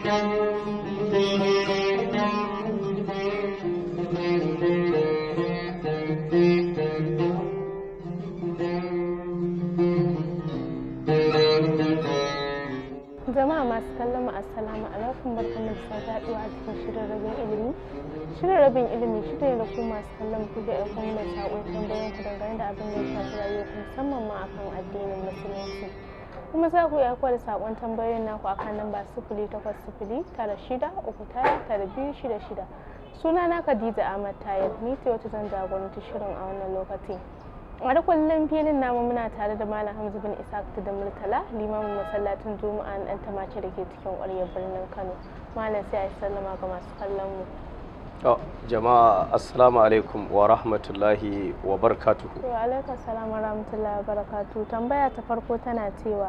jama'a masu kallon mu assalamu alaikum barkamu da sake haduwa a cikin shirin rabin ilimi shirin rabin ilimi shi ne da ku masu kallon ku da aikon mai saƙon tambayoyin ku dangane da abin da ya shafi rayuwa musamman ma akan addinin musulunci kuma za ku iya da sakon tambayoyin naku a kan namba sifili takwas sifili tara shida uku tara tara biyu shida shida suna na Khadija Ahmad Tayar ni ce wata zan jagoranci shirin a wannan lokacin a da kullum filin namu muna tare da Malam Hamza bin Isaac da Murtala limamin masallacin Juma'a na ɗan tamace da ke cikin kwaryar birnin Kano Malam sai a sallama ga masu kallon mu Oh, jama'a assalamu alaikum wa rahmatullahi wa barakatuhu wa alaikum assalamu wa rahmatullahi wa barakatuhu tambaya ta farko tana cewa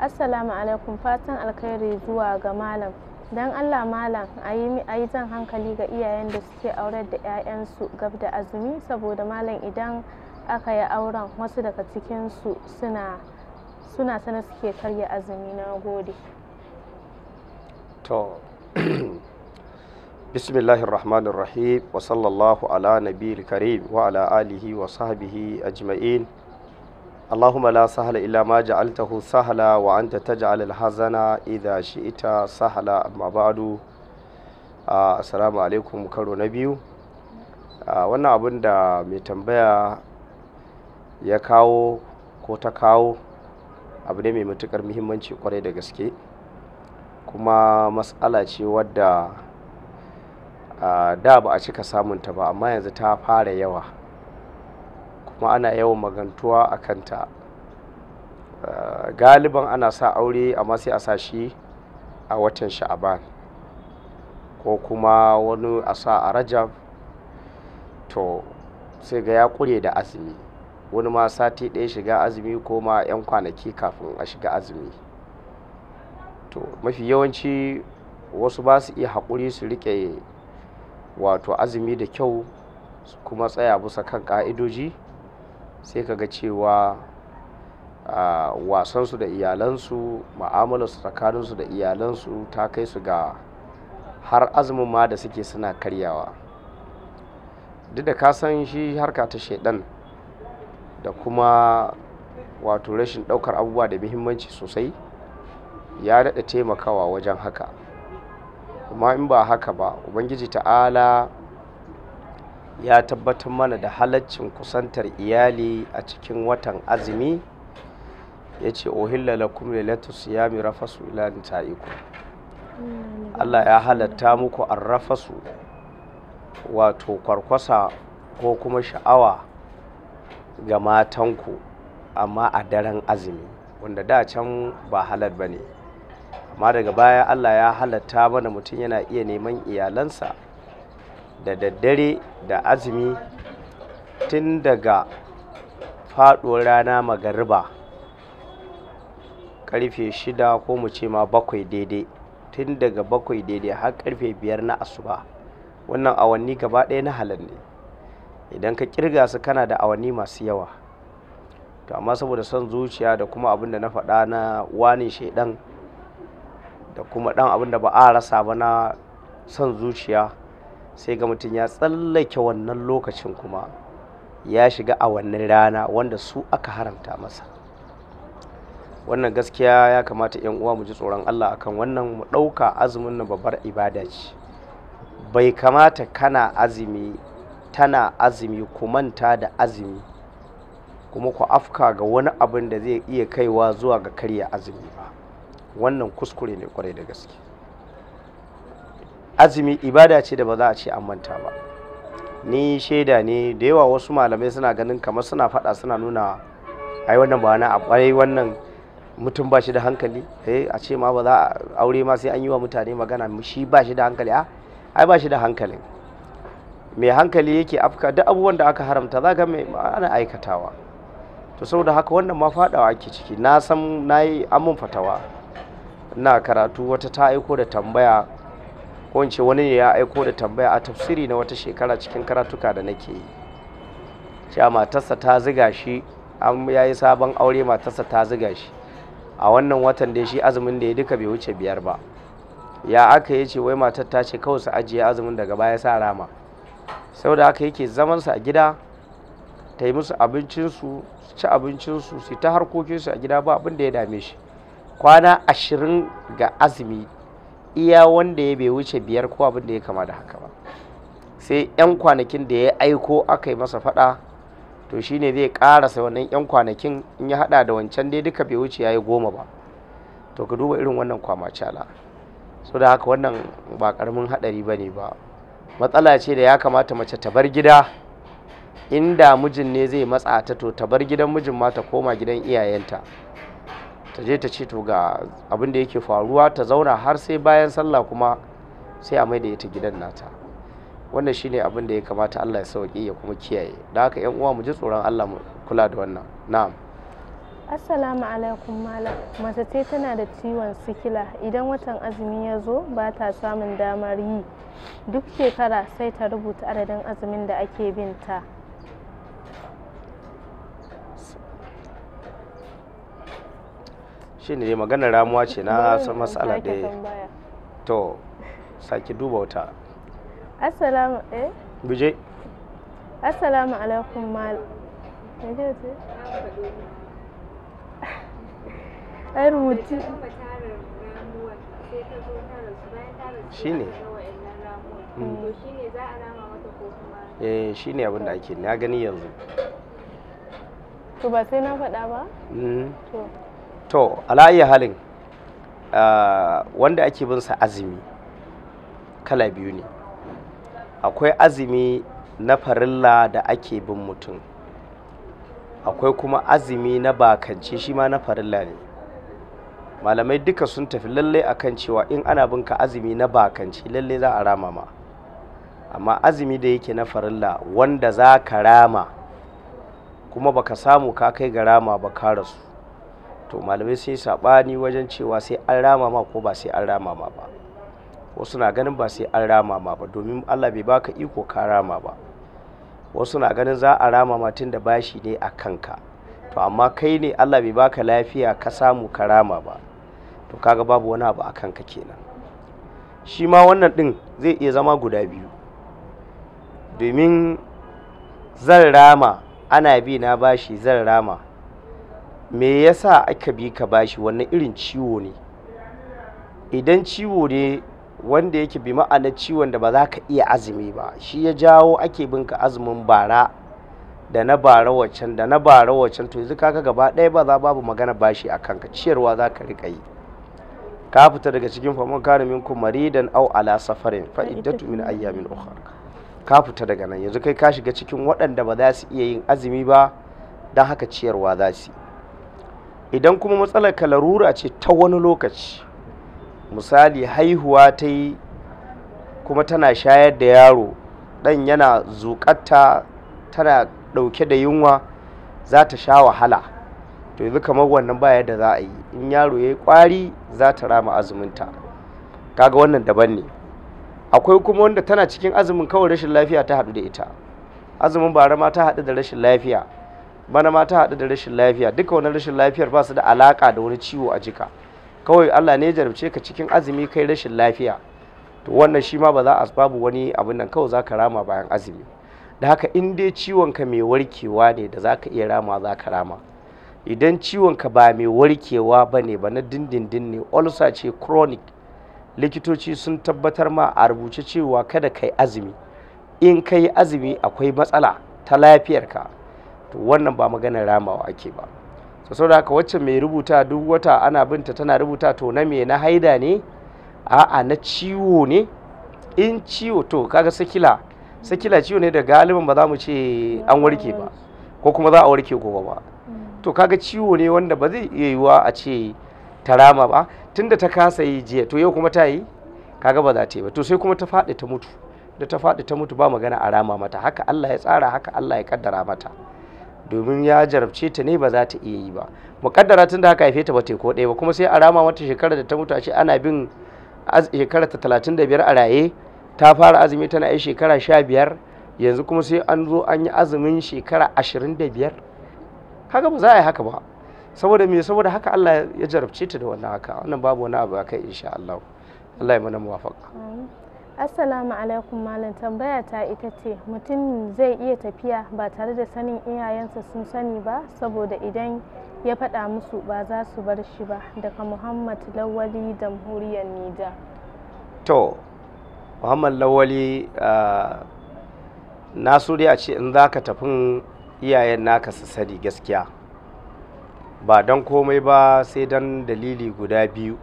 assalamu alaikum fatan alkhairi zuwa ga malam dan allah malam a yi zan hankali ga iyayen da suke aurar da 'ya'yansu gab da azumi saboda malam idan aka yi auren wasu daga cikinsu suna suna sana suke karya azumi na gode bismillahir rahmanir rahim wa sallallahu ala nabiyil karim wa ala alihi wa sahbihi ajma'in allahumma la sahla illa ma ja'altahu sahla wa anta taj'al al-hazana idha shi'ta sahla amma ba'du ah, assalamu alaikum karo na biyu ah, wannan abin da mai tambaya ya kawo ko ta kawo abu ne mai matukar muhimmanci kwarai da gaske kuma matsala ce wadda da ba a cika samunta ba amma yanzu ta fara yawa kuma ana yawan magantuwa a kanta galiban ana sa aure amma sai a sa shi a watan sha'aban ko kuma wani a sa a rajab to sai ga ya kure da azumi wani ma sati ɗaya shiga azumi ko ma 'yan kwanaki kafin a shiga azumi to mafi yawanci wasu ba su iya haƙuri su riƙe wato azumi da kyau kuma tsaya bisa kan ka'idoji sai ka ga cewa wasansu da iyalansu ma'amalarsu tsakaninsu da iyalansu ta kai su ga har azumin ma da suke suna karyawa duk da ka san shi harka ta shaidan da kuma wato rashin ɗaukar abubuwa da muhimmanci sosai ya daɗa taimakawa wajen haka amma in ba haka ba ubangiji ta'ala ya tabbatar mana da halaccin kusantar iyali a cikin watan azumi ya ce ohilla lakum lailatus siyami rafasu ila nisaikum Allah ya halatta muku an arrafasu wato kwarkwasa ko kuma sha'awa ga matanku amma a daren azumi wanda da can ba halar ba ne amma daga baya allah ya halatta mana mutum yana iya neman iyalansa da daddare da azumi tun daga faɗuwar rana magariba karfe shida ko mu ce ma bakwai daidai tun daga bakwai daidai har karfe biyar na asuba wannan awanni gaba ɗaya na halal ne idan ka kirga su kana da awanni masu yawa to amma saboda son zuciya da kuma abin da na faɗa na wani shaidan da kuma ɗan abin da ba a rasa ba na son zuciya sai ga mutum ya tsallake wannan lokacin kuma ya shiga a wannan rana wanda su aka haramta masa wannan gaskiya ya kamata 'yan uwa mu ji tsoron allah akan wannan mu ɗauka azumin na babbar ibada ce bai kamata kana azumi tana azumi ku manta da azumi kuma ku afka ga wani abin da zai iya kaiwa zuwa ga karya azumi ba wannan kuskure ne kwarai da gaske azumi ibada ce da ba za a ce an manta ba ni shaida ne da yawa wasu malamai suna ganin kamar suna faɗa suna nuna ai wannan ba wani abai wannan mutum ba shi da hankali eh, a ce ma ba za a aure ma sai an yi wa mutane magana shi ba shi da hankali a ai ba shi da hankalin mai hankali yake afka duk abubuwan da aka haramta za ka mai ana aikatawa to saboda haka wannan ma faɗawa ake ciki na san na yi amin fatawa na karatu wata ta aiko da tambaya ko ce wani ne ya aiko da tambaya a tafsiri na wata shekara cikin karatuka da nake yi cewa matarsa ta ziga shi an ya yi sabon aure matarsa ta ziga shi a wannan watan da shi azumin da ya duka bai wuce biyar ba ya aka yi ce wai matar ta ce kawai su ajiye azumin daga baya sa rama saboda haka yake zaman su a gida ta yi musu abincinsu su ci abincinsu su ta harkokinsu a gida ba abin da ya dame shi kwana ashirin ga azumi iya wanda ya bai wuce biyar ko abin da ya kama da haka ba sai 'yan kwanakin da ya aiko aka yi masa fada to shine zai karasa wannan 'yan kwanakin in ya hada da wancan dai duka bai wuce ya yi goma ba to ka duba irin wannan kwamacala so da haka wannan ba karamin hadari ba ne ba matsala ce da ya kamata mace ta bar gida inda mijin ne zai matsa ta to ta bar gidan mijin ma ta koma gidan iyayenta ta je ta ce to ga abin da yake faruwa ta zauna har sai bayan sallah kuma sai a mai da ita gidan nata wannan shine abin da ya kamata Allah ya sauke ya kuma kiyaye da haka yan uwa mu ji tsoron Allah mu kula da wannan na'am assalamu alaikum malam mace ce tana da ciwon sikila idan watan azumi ya zo ba ta samun damar yi duk shekara sai ta rubuta adadin azumin da ake binta shi ne maganar ramuwa ce na san matsala da ya to sake duba wata assalamu eh bije assalamu alaikum mal ai rubutu shi ne hmm. eh shi ne abinda da ake na gani yanzu to ba sai na faɗa ba hmm. to to ala'ayi halin wanda ake bin sa azumi kala biyu ne akwai azumi na farilla da ake bin mutum akwai kuma azumi na bakanci shi ma na farilla ne malamai duka sun tafi lallai akan cewa in ana bin ka azumi na bakanci lallai za a rama ma amma azumi da yake na farilla wanda za ka rama kuma baka samu ka kai ga rama ba ka rasu to malamai sai saɓani wajen cewa sai an rama ma ko ba sai an rama ma ba wasu na ganin ba sai an rama ma ba domin allah bai baka iko ka rama ba wasu na ganin za a rama ma tun bashi ne a kanka to amma kai ne allah bai baka lafiya ka samu ka rama ba to kaga babu wani abu a kanka kenan shi ma wannan din zai iya zama guda biyu domin zan rama ana bi na bashi zan rama me yasa aka bi ka bashi wannan irin ciwo ne idan ciwo ne wanda yake bi ma'ana ciwon da ba za ka iya azumi ba shi ya jawo ake bin ka azumin bara da na bara wacan da na bara wacan to yanzu kaga gaba ɗaya ba za babu magana bashi a kanka ciyarwa za ka riƙa yi ka fita daga cikin famon min minkum maridan au ala safarin fa iddatu min ayyamin ukhra ka fita daga nan yanzu kai ka shiga cikin waɗanda ba za su iya yin azumi ba don haka ciyarwa za su yi idan kuma matsalar kalarura ce ta wani lokaci misali haihuwa ta yi kuma tana shayar da yaro ɗan yana zukatta tana ɗauke da yunwa za ta sha wahala to yanzu kamar wannan baya da za a yi in yaro ya yi ƙwari za ta rama azuminta kaga wannan daban ne akwai kuma wanda tana cikin azumin kawai rashin lafiya ta haɗu da ita azumin bara ma ta haɗu da rashin lafiya bana mata ta haɗu da rashin lafiya duka wani rashin lafiyar ba su da alaƙa da wani ciwo a jika kawai Allah ne jarabce ka cikin azumi kai rashin lafiya to wannan shi ma ba za a babu wani abin nan kawai za ka rama bayan azumi da haka in dai ciwonka mai warkewa ne da za ka iya rama za ka rama idan ciwonka ba mai warkewa ba ne ba na dindindin ne ulcer ce chronic likitoci sun tabbatar ma a rubuce cewa kada kai azumi in kai azumi akwai matsala ta lafiyar ka. to wannan ba maganar ramawa ake ba so saboda haka wacce mai rubuta duk wata ana binta tana rubuta to na me na haida ne a'a na ciwo ne in ciwo to kaga sakila sakila ciwo ne da galibin ba za mu ce an warke ba ko kuma za a warke gobe ba to kaga ciwo ne wanda ba zai iya yiwuwa a ce ta rama ba tunda ta kasa yi jiya to yau kuma ta yi kaga ba za ta yi ba to sai kuma ta faɗi ta mutu da ta faɗi ta mutu ba magana a rama mata haka Allah ya tsara haka Allah ya kaddara mata domin ya jarabce ta ne ba za ta iya yi ba mukaddara tun da haka haife ta ba ko ɗaya ba kuma sai a rama mata shekarar da ta mutu a ce ana bin shekarar ta talatin da biyar a raye ta fara azumi tana yi shekara sha biyar yanzu kuma sai an zo an yi azumin shekara ashirin da biyar kaga ba za a yi haka ba saboda me saboda haka Allah ya jarabce ta da wannan haka wannan babu wani abu akai insha Allah Allah ya mana muwafaqa Assalamu alaikum malam tambaya ta ita ce mutum zai iya tafiya ba tare da sanin iyayensa sun sani ba saboda idan ya faɗa musu ba za su bar shi ba daga Muhammad Lawali jamhuriyar Nijar. To, Muhammad Lawali na a ce in za ka tafin iyayen naka su sani gaskiya ba don komai ba sai don dalili guda biyu.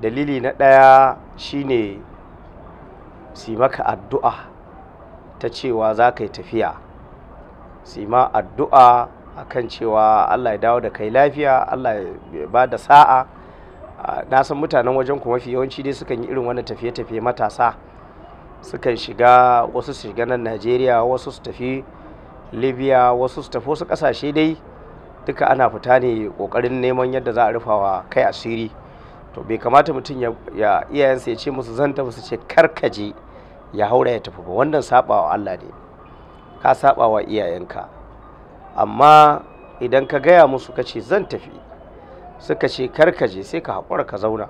Dalili na ɗaya shine si maka addu'a ta cewa za ka yi tafiya si ma addu'a kan cewa allah ya dawo da kai lafiya allah ya ba da sa'a na san mutanen wajen kuma mafi yawanci dai sukan yi irin wannan tafiye-tafiye matasa sukan shiga wasu su shiga nan najeriya wasu su tafi libya wasu su tafi wasu kasashe dai duka ana fita ne kokarin neman yadda za a rufawa kai asiri to bai kamata mutum ya iyayensa ya ce musu zan tafi su ce karkaje ya haura ya tafi ba wannan sabawa Allah ne ka sabawa iyayenka amma idan ka gaya musu ka ce zan tafi suka ce karkaje sai ka haƙura ka zauna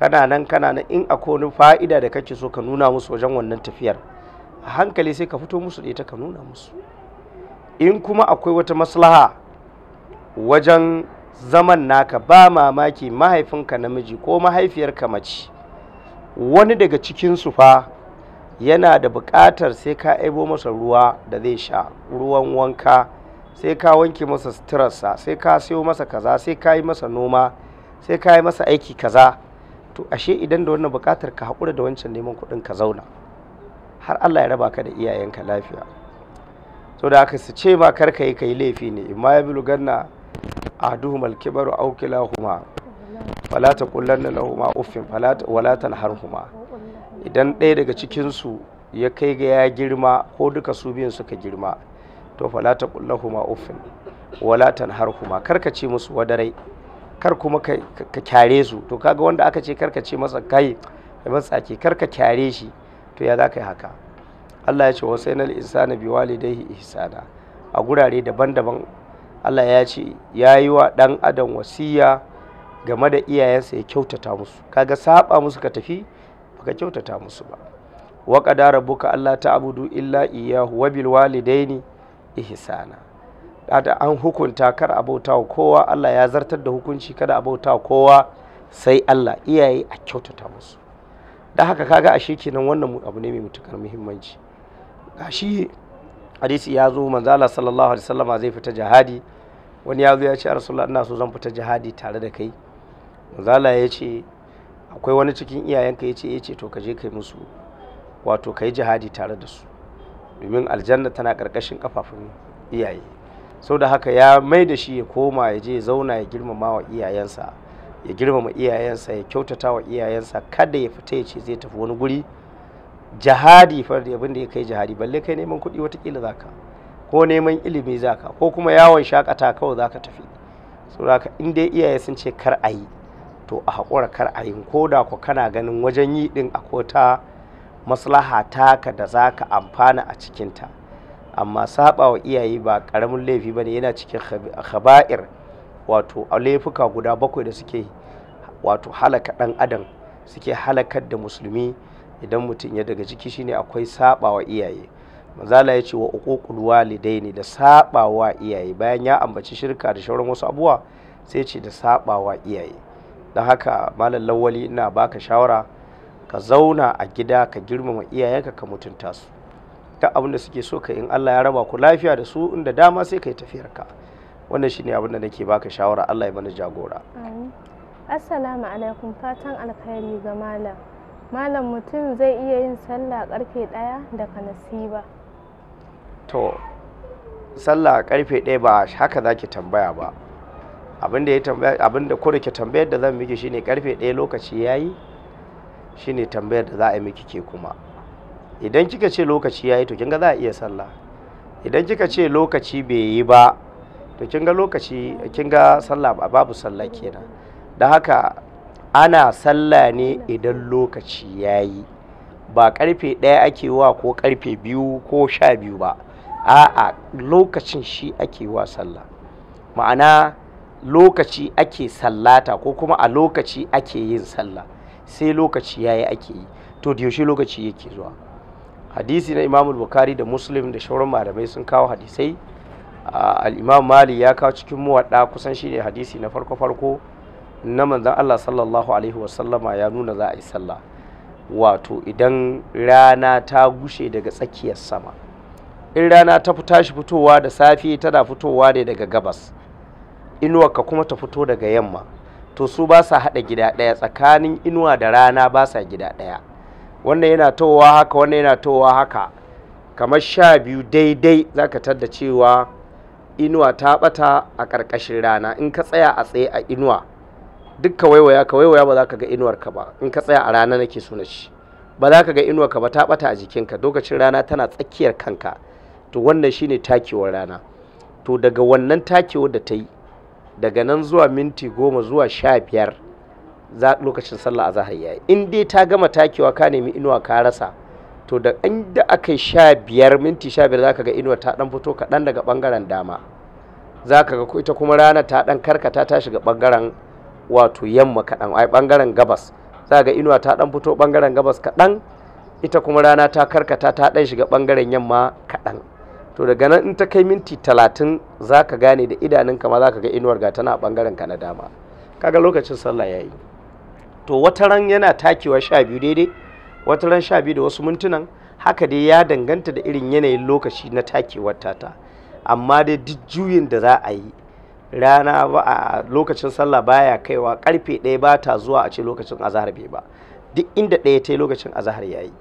kana nan kana nan in akwai wani fa'ida da kake so ka nuna musu wajen wannan tafiyar a hankali sai ka fito musu da ita ka nuna musu in kuma akwai wata maslaha wajen zaman naka ba mamaki mahaifinka namiji ko mahaifiyarka mace wani daga cikinsu fa yana da buƙatar sai ka aibo masa ruwa da zai sha ruwan wanka sai ka wanke masa suturarsa sai ka siyo masa kaza sai ka yi masa noma sai ka yi masa aiki kaza to ashe idan da wannan buƙatar ka haƙura da wancan neman kuɗin ka zauna har Allah ya raba ka da iyayenka lafiya to da aka su ce ma kar ka yi ka yi laifi ne imma ya bi ahaduhuma al-kibaru aw kilahuma fala taqullanna lahumā uffin wala tanharhumā idan ɗaya daga cikin su ya kai ga ya girma ko duka su biyun suka girma to fala taqullahuma uffin wala tanharhuma karkace musu wadarai kar kuma ka kyare su to kaga wanda aka ce karkace masa kai kar ka kyare shi to ya za ka yi haka Allah ya ce wasainal insana biwalidayhi ihsana a gurare daban-daban Allah ya ce ya yi wa ɗan adam wasiya game da iyayensa ya kyautata musu kaga saba musu ka tafi baka kyautata musu ba wa qadara buka Allah ta'budu illa iyyahu wa bil walidaini ihsana kada an hukunta kar abauta wa kowa Allah ya zartar da hukunci kada abauta wa kowa sai Allah iyaye a kyautata musu da haka kaga a kenan wannan abu ne mai mutukar muhimmanci gashi hadisi ya zo manzala sallallahu alaihi wasallama zai fita jihadi wani ya zo ya ce rasulullah ina so zan fita jihadi tare da kai manzala ya ce akwai wani cikin iyayenka ya ce ya eh, ce to ka je kai musu wato ka jihadi tare da su domin aljanna tana karkashin kafafun iyaye sau da haka ya mai da shi ya koma ya je zauna ya girmama wa iyayensa ya girmama iyayensa ya kyautata wa iyayensa kada ya fita ya ce zai tafi wani guri jihadi fa abin da ya kai jihadi balle kai neman kuɗi watakila za ka ko neman ilimi zaka ko kuma yawon shakata kawai zaka tafi saboda in dai iyaye sun ce kar a yi to a haƙura kar a yi ko da ku kana ganin wajen yi ɗin akwai ta maslaha taka da zaka amfana a cikinta amma saba wa iyaye ba ƙaramin laifi ne yana cikin khaba'ir wato laifuka guda bakwai da suke wato halaka ɗan adam suke halakar da musulmi idan mutum ya daga ciki shine akwai saba wa iyaye manzala ya ce wa uququl ne da sabawa iyaye bayan ya ambaci shirka da shauran wasu abuwa sai ce da sabawa iyaye don haka malam lawali ina baka shawara ka zauna a gida ka girmama iyayenka ka mutunta su ta abin da suke so ka in Allah ya raba ku lafiya da su inda dama sai ka yi tafiyar ka wannan shine abin da nake baka shawara Allah ya mana jagora assalamu alaikum fatan alkhairi ga malam malam mutum zai iya yin sallah karfe ɗaya daga nasiba to sallah karfe ɗaya ba haka za ki tambaya ba abinda ya tambaya ke tambayar da zan miki shine karfe ɗaya lokaci ya yi. shine tambayar da za a yi miki ke kuma idan kika ce lokaci ya yi to kinga za a iya sallah idan kika ce lokaci bai yi ba to kinga lokaci kinga sallah ba? babu sallah kenan da haka ana sallah ne idan lokaci ya yi. ba karfe ɗaya ake wa ko karfe biyu ko sha biyu ba a'a lokacin shi ake wa sallah ma'ana lokaci ake sallata ko kuma a lokaci ake yin sallah sai lokaci yayi ake yi to da yaushe lokaci yake zuwa hadisi na imam bukari da muslim da shauran malamai sun kawo hadisai al'imam mali ya kawo cikin muwadda kusan shi ne hadisi na farko farko na manzan Allah sallallahu alaihi wasallama ya nuna za a yi sallah wato idan rana ta gushe daga tsakiyar sama in rana ta tashi fitowa da safe tana fitowa ne daga gabas inuwarka kuma ta fito daga yamma to su ba sa haɗa gida ɗaya tsakanin inuwa da rana ba sa gida ɗaya wannan yana towa haka wannan yana towa haka kamar sha biyu daidai za ka tadda cewa inuwa ta ɓata a ƙarƙashin rana in ka tsaya a tsaye a inuwa duk ka waiwaya ka waiwaya ba za ka ga inuwarka ba in ka tsaya a rana nake so na ba za ka ga inuwarka ba ta ɓata a jikinka lokacin rana tana tsakiyar kanka to wannan shine takewar rana to daga wannan takewar da ta yi daga nan zuwa minti goma zuwa sha biyar lokacin sallah a azahar yayi in dai ta gama takewa ka nemi inuwa ka rasa to da inda aka yi sha biyar minti sha biyar zaka ga inuwa ta dan fito kaɗan daga ɓangaren dama zaka ga ita kuma rana ta dan karkata ta shiga ɓangaren wato yamma kaɗan ai ɓangaren gabas za ga inuwa ta dan fito ɓangaren gabas kaɗan ita kuma rana ta karkata ta dan shiga ɓangaren yamma kaɗan to daga nan in ta kai minti talatin za ka gane da idanunka ma za ka ga inuwar ga tana bangaren ka na dama kaga lokacin sallah ya yi to wata ran yana takewa sha biyu daidai wata ran sha biyu da wasu mintunan haka dai ya danganta da irin yanayin lokaci na takewar tata amma dai duk juyin da za a yi rana ba a lokacin sallah baya kaiwa karfe ɗaya ba ta zuwa a ce lokacin azahar bai ba duk inda ɗaya ta yi lokacin azahar ya yi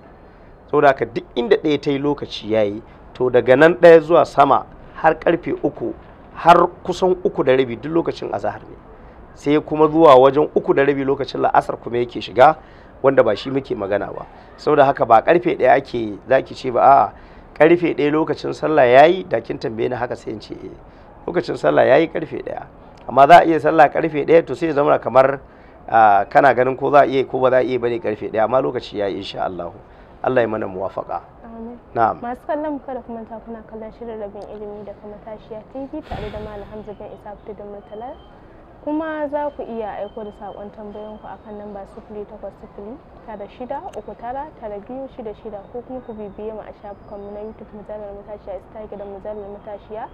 saboda haka duk inda ɗaya ta yi lokaci ya yi to daga nan ɗaya zuwa sama har karfe uku har kusan uku da rabi duk lokacin azahar ne sai kuma zuwa wajen uku da rabi lokacin la'asar kuma yake shiga wanda ba shi muke magana ba saboda haka ba karfe ɗaya ake zaki ce ba a'a karfe ɗaya lokacin sallah yayi da kin tambaye ni haka sai in ce eh lokacin sallah yayi karfe ɗaya amma za a iya sallah karfe ɗaya to sai ya zama kamar kana ganin ko za a iya ko ba za a iya bane karfe ɗaya amma lokaci yayi insha allahu Allah ya mana muwafaqa Na'am. Masu kallon kada kuma ta kuna kallon shirin rabin ilimi da kuma tashiya TV tare da Malam Hamza bin Isa da Murtala. Kuma za ku iya aiko da saƙon tambayoyin ku akan namba sifili takwas tara shida uku tara tara biyu shida shida ko kuma ku bibiye mu a mu na YouTube mujallar matashiya Instagram mujallar matashiya.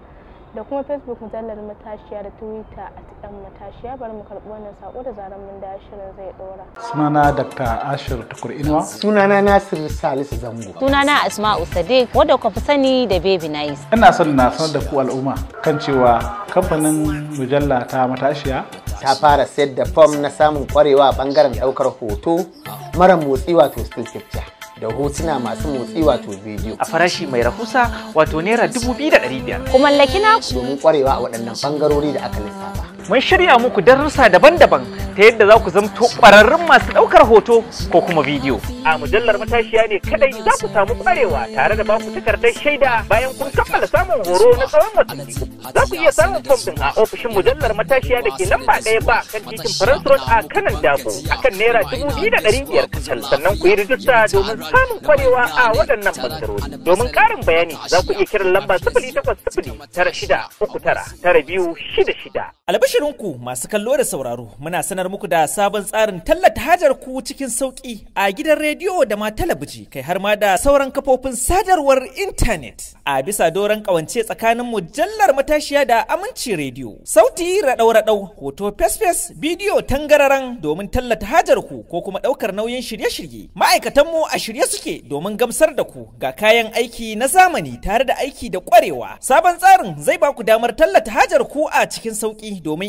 da kuma facebook mujallar matashiya da twitter a tikan matashiya bari mu karɓi wannan sako da zaran mun da shirin zai ɗora. sunana dr ashir tukur inuwa sunana nasir salisu zango sunana asma'u sadiq wadda ka fi sani da baby nice ina son na sanar da ku al'umma kan cewa kamfanin mujalla ta matashiya ta fara sayar da fom na samun kwarewa a bangaren daukar hoto mara motsi wato still picture da hotuna masu motsi wato bidiyo a farashi mai rahusa wato naira dubu biyu da 2500 ku mallaki na domin kwarewa a waɗannan bangarori da aka lissafa mun shirya muku darussa daban-daban ta yadda za ku zamto ƙwararrun masu ɗaukar hoto ko kuma bidiyo. A mujallar matashiya ne kadai za ku samu ƙwarewa tare da baku takardar shaida bayan kun kammala samun horo na tsawon watanni. Za ku iya samun fom ɗin a ofishin mujallar matashiya da ke lamba ɗaya ba kan titin Faransu Road a kanan Dabo akan naira dubu biyu da ɗari biyar kacal sannan ku yi rijista domin samun ƙwarewa a waɗannan ɓangarori. Domin ƙarin bayani za ku iya kiran lamba sifili takwas sifili tara shida uku tara tara biyu shida shida. shirinku masu kallo da sauraro muna sanar muku da sabon tsarin tallata hajar ku cikin sauki a gidan rediyo da ma talabiji kai har ma da sauran kafofin sadarwar intanet a bisa doron kawance tsakanin mujallar matashiya da aminci rediyo sauti raɗau-raɗau hoto fesfes bidiyo tangararan domin tallata hajar ku ko kuma ɗaukar nauyin shirye-shirye ma'aikatan mu a shirye suke domin gamsar da ku ga kayan aiki na zamani tare da aiki da kwarewa sabon tsarin zai ba ku damar tallata hajar ku a cikin sauki domin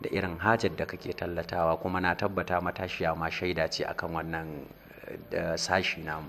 da irin hajar da kake tallatawa kuma na tabbata matashiya ma shaida ce akan wannan eh, sashi namu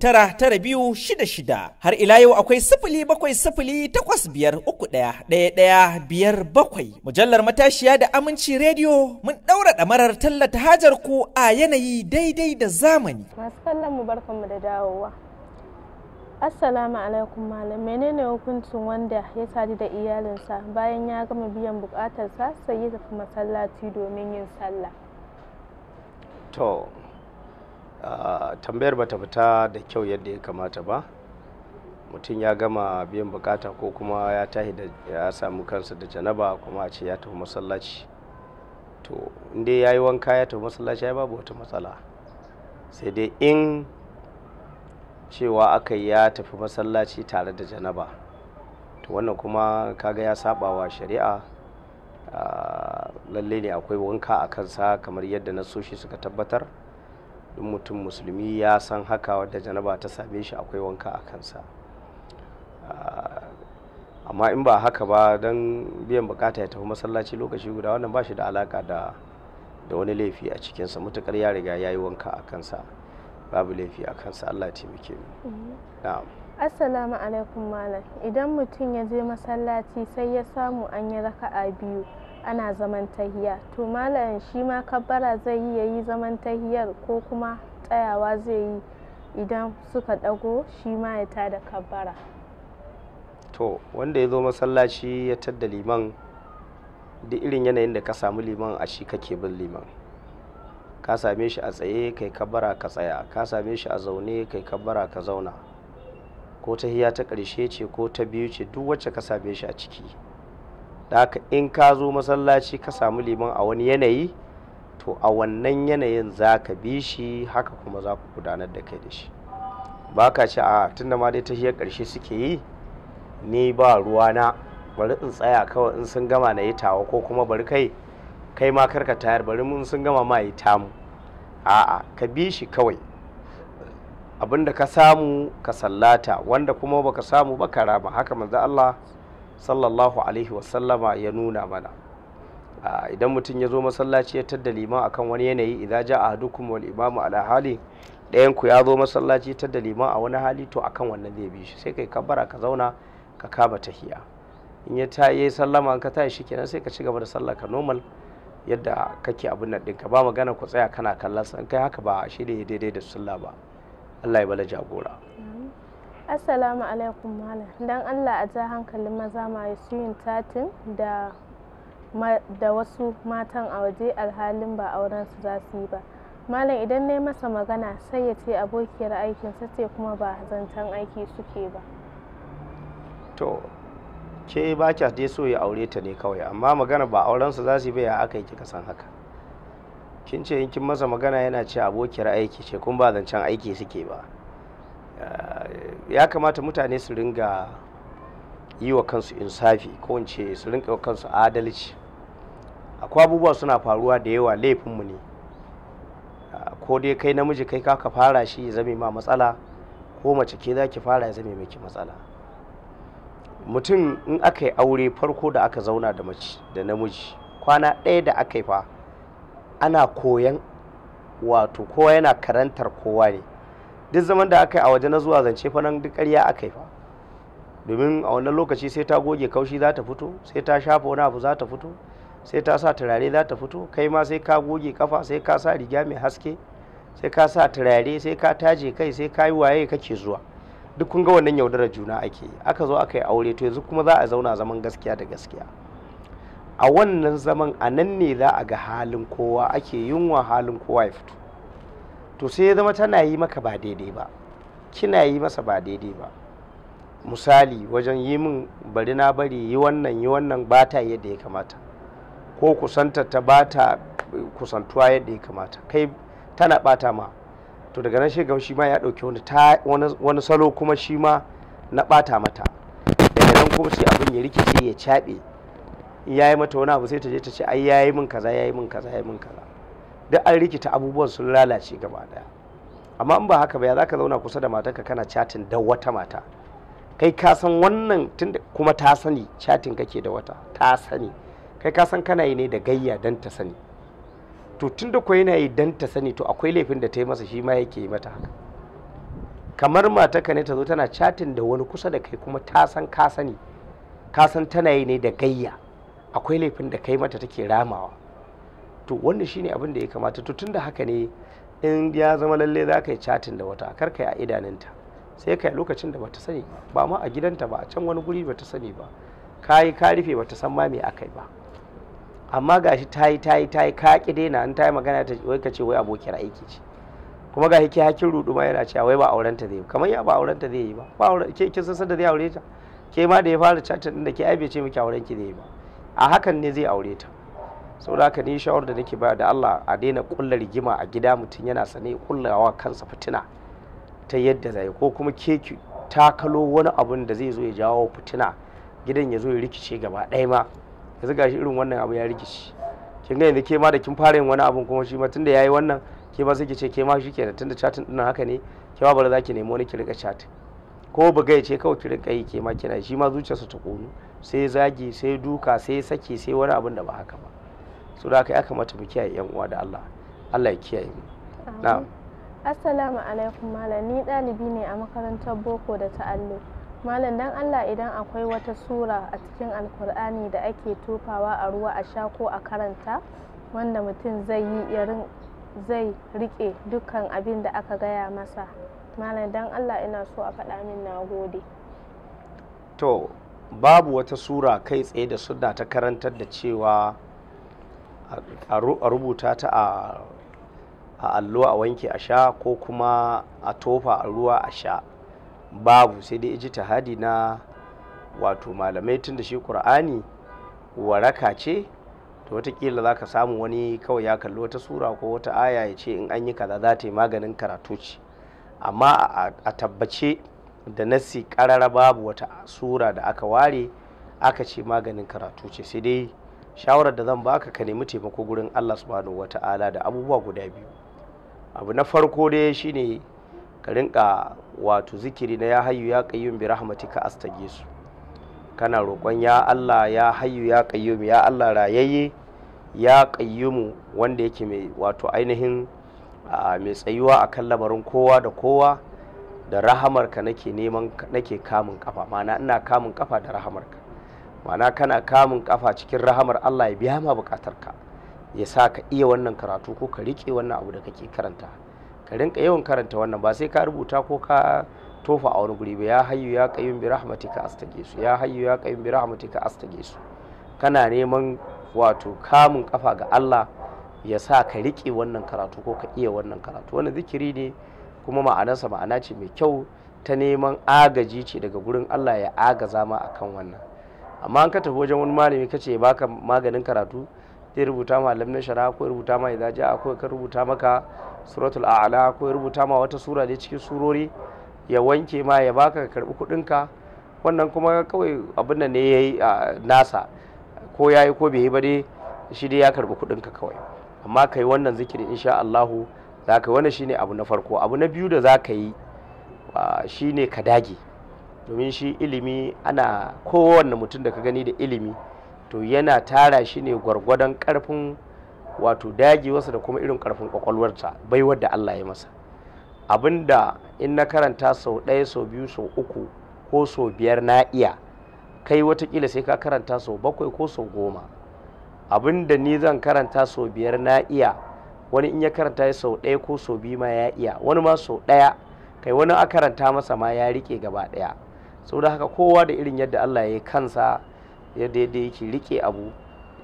tara tara biyu shida shida har ila yau akwai sifili bakwai sifili takwas biyar uku ɗaya ɗaya ɗaya biyar bakwai mujallar matashiya da aminci rediyo mun ɗaura ɗamarar tallata hajar ku a yanayi daidai da zamani. Masu kallon mu barkan mu da dawowa. Assalamu alaikum malam menene hukuncin wanda ya sadu da iyalinsa bayan ya gama biyan bukatarsa sai ya tafi masallaci domin yin sallah. To Ah, tambayar bata fita da kyau yadda ya kamata ba mutum ya gama biyan bukata ko kuma ya tahi da ya samu kansa da janaba kuma a ce ya tafi masallaci to inda ya yi wanka ya tafi masallaci ya babu wata matsala sai dai in cewa aka ya tafi masallaci tare da janaba to wannan kuma kaga ya saba wa shari'a ah, lalle ne akwai wanka a kansa kamar yadda nasoshi suka tabbatar in mutum musulmi ya san haka wadda janaba ta same shi akwai wanka a kansa ah, amma in ba haka ba don biyan bukata ya tafi masallaci lokaci guda wannan ba shi da alaka da da wani laifi a cikinsa mutukar ya riga ya yi wanka a kansa babu laifi a kansa allah taimake mu na'am assalamu alaikum malam idan mutum ya je masallaci sai ya samu an yi raka'a biyu ana zaman tahiya to malayan shi ma kabbara zai yi ya yi zaman tahiyar ko kuma tsayawa zai yi idan suka ɗago shi ma ya tada kabbara to wanda ya zo masallaci ya tadda liman da irin yanayin da ka samu liman a shi kake bin liman ka same shi a tsaye kai kabbara ka tsaya ka same shi a zaune kai kabbara ka zauna ko tahiya ta ƙarshe ce ko ta biyu ce duk wacce ka same shi a ciki haka in ka zo masallaci ka samu liman a wani yanayi to a wannan yanayin za ka bi shi haka kuma za ku gudanar da kai da shi ba ka ce a tunda ma dai hiyar ƙarshe suke yi ni ba ruwa na bari in tsaya kawai in sun gama na yi tawa ko kuma bari kai kai ma karka tayar bari mun sun gama ma yi tamu a'a ka bi shi kawai abinda ka samu ka sallata wanda kuma baka samu ba ka rama haka manzo Allah sallallahu alaihi wasallama ya nuna mana idan mutum ya zo masallaci ya tadda liman akan wani yanayi idza ja ahadukum wal imamu ala hali ɗayan ku ya zo masallaci ya tadda liman a wani hali to akan wannan zai bi shi sai kai kabbara ka zauna ka kama tahiya in ya ta yi sallama ka shi kenan sai ka ci gaba da sallah ka normal yadda kake abin nan ka ba magana ku tsaya kana kallon san kai haka ba shi ne daidai da sallah ba Allah ya bala jagora Assalamu alaikum malam don Allah a ja hankalin maza masu yin tatin da wasu matan a waje alhalin ba auren su za su yi ba malam idan na masa magana sai ya ce abokiyar aikinsa ce kuma ba zancen aiki suke ba to ke ba kya dai so ya aure ta ne kawai amma magana ba auren su za su yi ba ya aka yi kika san haka kin ce in kin masa magana yana ce abokiyar aiki ce kun ba zancen aiki suke ba ya kamata mutane su ringa yi wa kansu insafi ko in ce su ringa wa kansu adalci akwai abubuwa suna faruwa da yawa laifinmu ne ko dai kai namiji kai ka fara shi ya zame ma matsala ko mace ke za ki fara ya zame miki matsala mutum in aka yi aure farko da aka zauna da mace da namiji kwana ɗaya da aka yi fa ana koyan wato kowa yana karantar kowa ne duk zaman da aka yi a waje na zuwa zance fa nan duk ƙarya aka yi fa domin a wannan lokaci sai ta goge kaushi za ta fito sai ta shafa wani abu za ta fito sai ta sa turare za ta fito kai ma sai ka goge kafa sai ka sa riga mai haske sai ka sa turare sai ka taje kai sai ka yi waye kake zuwa duk kun ga wannan yaudarar juna ake aka zo aka yi aure to yanzu kuma za a zauna zaman gaskiya da gaskiya a wannan zaman a nan ne za a ga halin kowa ake yunwa halin kowa ya fito to sai ya zama tana yi maka ba daidai ba kina yi masa ba daidai ba misali wajen yi min bari na bari yi wannan yi wannan ba ta yadda ya kamata ko kusantar ta ba ta kusantuwa yadda ya kamata kai tana bata ma to daga nan shiga shi ma ya ɗauki wani salo kuma shi ma na bata mata daga nan kuma sai abin ya rikice ya caɓe ya yi mata wani abu sai ta je ta ce ai ya yi min kaza ya yi min kaza ya yi min kaza duk an rikita abubuwan sun lalace gaba daya amma in ba haka ba ya ka zauna kusa da matarka kana chatin da wata mata kai ka san wannan tunda kuma ta sani chatin kake da wata ta sani kai ka san kana yi ne da gayya dan ta sani to tunda ko yana yi dan ta sani to akwai laifin da ta yi masa shi ma yake yi mata haka kamar matarka ne ta zo tana chatin da wani kusa da kai kuma ta san ka sani ka san tana yi ne da gayya akwai laifin da kai mata take ramawa to wannan shine abin da ya kamata to tunda haka ne in ya zama lalle za ka yi chatin da wata kar ka yi a idanunta sai ka yi lokacin da bata sani ba ma a gidanta ba a can wani guri bata sani ba ka yi ka rufe bata san ma me aka yi ba amma gashi ta yi ta yi ta yi ka ki daina an ta yi magana ta wai ka ce wai abokin aiki ce kuma ga ke hakin rudu ma yana cewa wai ba aurenta zai yi kamar ya ba aurenta zai yi ba ba auren ke kin san da zai aure ta ke ma da ya fara chatin din da ke aibe ce miki auren ki zai yi ba a hakan ne zai aure ta saboda haka ni shawar da nake ba da Allah a daina kulla rigima a gida mutum yana sane kullawa kansa fitina ta yadda zai ko kuma keki takalo wani abun da zai zo ya jawo fitina gidan ya zo ya rikice gaba ɗaya ma yanzu gashi irin wannan abu ya rikici kin ga yanzu ke ma da kin fara yin wani abun kuma shi ma tunda yayi wannan ke ba sai ki ce ke ma shi kenan tunda chatin din haka ne ke ma za ki nemi wani ki rika chat ko buga ya ce kawai ki rika yi ke ma kina shi ma zuciyarsa ta kono sai zagi sai duka sai sake sai wani abun da ba haka ba so da haka ya kamata mu kiyaye yan uwa da Allah Allah ya kiyaye mu na'am assalamu alaikum malam ni dalibi ne a makarantar boko da ta'allu malam dan Allah idan akwai wata sura a cikin alkur'ani da ake tofawa a ruwa a sha ko a karanta wanda mutum zai yi irin zai rike dukkan abin da aka gaya masa malam dan Allah ina so a faɗa min na gode to babu wata sura kai tsaye da sunna ta karantar da cewa a rubuta ta a allo a wanke a sha ko kuma a tofa a ruwa a sha babu sai dai hadi na wato malamai tun da shi ƙur'ani waraka ce to watakila za ka samu wani kawai ya kalli wata sura ko wata aya ya ce in an yi kaza za ta yi maganin karatu amma a tabbace da nasi karara babu wata sura da aka ware aka ce maganin karatu ce sai dai shawarar da zan baka ka nemi taimako gurin Allah subhanahu wata'ala da abubuwa guda biyu abu na farko dai shine ka rinka wato zikiri na ya hayyu ya qayyum bi rahmatika astage kana roƙon ya Allah ya hayyu ya qayyum ya Allah rayayye ya qayyum wanda yake mai wato ainihin mai tsayuwa akan lamarin kowa da kowa da rahamarka nake neman nake kamun kafa Mana ina kamun kafa da rahamarka ma'ana kana kamun kafa cikin rahamar Allah ya biya ma bukatarka ya sa ka iya wannan karatu ko ka rike wannan abu da kake karanta ka rinka yawan karanta wannan ba sai ka rubuta ko ka tofa a wani guri ba ya hayyu ya qayyum bi rahmatika astage su ya hayyu ya qayyum bi rahmatika astage su kana neman wato kamun kafa ga Allah ya sa ka rike wannan karatu ko ka iya wannan karatu wannan zikiri ne kuma ma'anarsa ma'ana ce mai kyau ta neman agaji ce daga gurin Allah ya agaza ma akan wannan amma an ka tafi wajen wani malami ka ce baka maganin karatu zai rubuta ma lamnin shara ko rubuta ma idza ja ko ka rubuta maka suratul a'la ko rubuta ma wata sura da cikin surori ya wanke ma ya baka ka karbi kudin ka wannan kuma kawai abin nan ne yayi nasa ko yayi ko bai yi ba dai shi dai ya karbi kudin ka kawai amma kai wannan zikiri insha Allahu za ka wannan shine abu na farko abu na biyu da za ka yi shine ka dage domin shi ilimi ana kowanne mutum da ka gani da ilimi to yana tara shi ne gwargwadon karfin wato dagewarsa da kuma irin karfin kwakwalwarsa bai wadda Allah ya masa abinda in na karanta sau ɗaya sau biyu sau uku ko sau biyar na iya kai watakila sai ka karanta sau bakwai ko sau goma abinda ni zan karanta sau biyar na iya wani in ya karanta ya sau ɗaya ko sau biyu ma ya iya wani ma sau ɗaya kai wani a karanta masa ma ya rike gaba ɗaya da haka kowa da irin yadda Allah ya yi kansa yadda yadda yake rike abu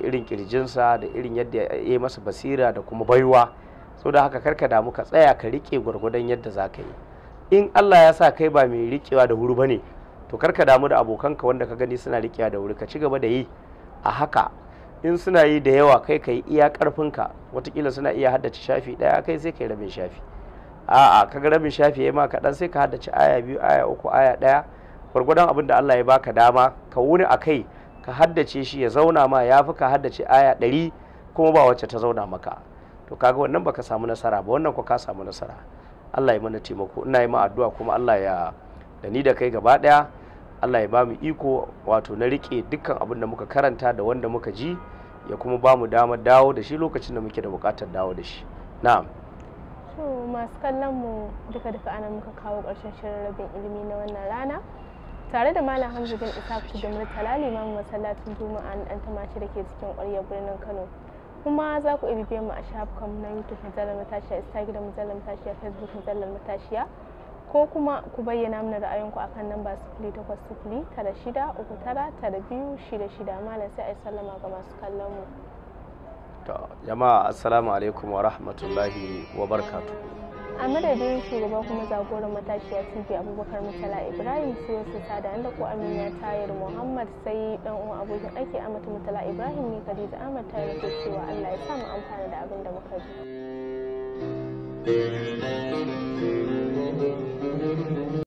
irin kirjinsa da irin yadda ya yi masa basira da kuma baiwa da haka karka damu ka tsaya ka rike gwargwadon yadda za ka yi in Allah ya sa kai ba mai rikewa da wuri ne to karka damu da abokanka wanda ka gani suna rikewa da wuri ka ci gaba da yi a haka in suna yi da yawa kai ka yi iya karfinka watakila suna iya haddace shafi daya kai sai ka yi rabin shafi a'a kaga rabin shafi yi ma kaɗan sai ka haddace aya biyu aya uku aya ɗaya gwargwadon abin da Allah ya baka dama ka wuni a kai ka haddace shi ya zauna ma ya fi ka haddace aya ɗari kuma ba wacce ta zauna maka to kaga wannan baka samu nasara ba wannan ko ka samu nasara Allah ya mana taimako ina yi ma addu'a kuma Allah ya da ni da kai gaba ɗaya Allah ya ba mu iko wato na rike dukkan abin da muka karanta da wanda muka ji ya kuma ba mu damar dawo da shi lokacin da muke da buƙatar dawo da shi na'am masu kallon mu duka duka ana muka kawo ƙarshen shirin rabin ilimi na wannan rana tare da malam hamza bin ishaq da murtala limamin masallacin juma'a na dan tamashi da ke cikin ƙwaryar birnin kano kuma za ku ibibe mu a shafukan na youtube mujallar matashiya instagram mujallar matashiya facebook mujallar matashiya ko kuma ku bayyana mana ra'ayinku akan namba sifili takwas sifili tara shida uku tara tara biyu shida shida malam sai a yi sallama ga masu kallon mu. jama'a assalamu alaikum wa rahmatullahi wa barkatu. a madadin shugaban kuma matashi matashiya tv abubakar mutala ibrahim su sada da ko amina tayar muhammad sai dan uwan abokin aiki a amata mutala ibrahim ne khadija ahmad tayar da cewa allah ya samu amfana da abin da muka ji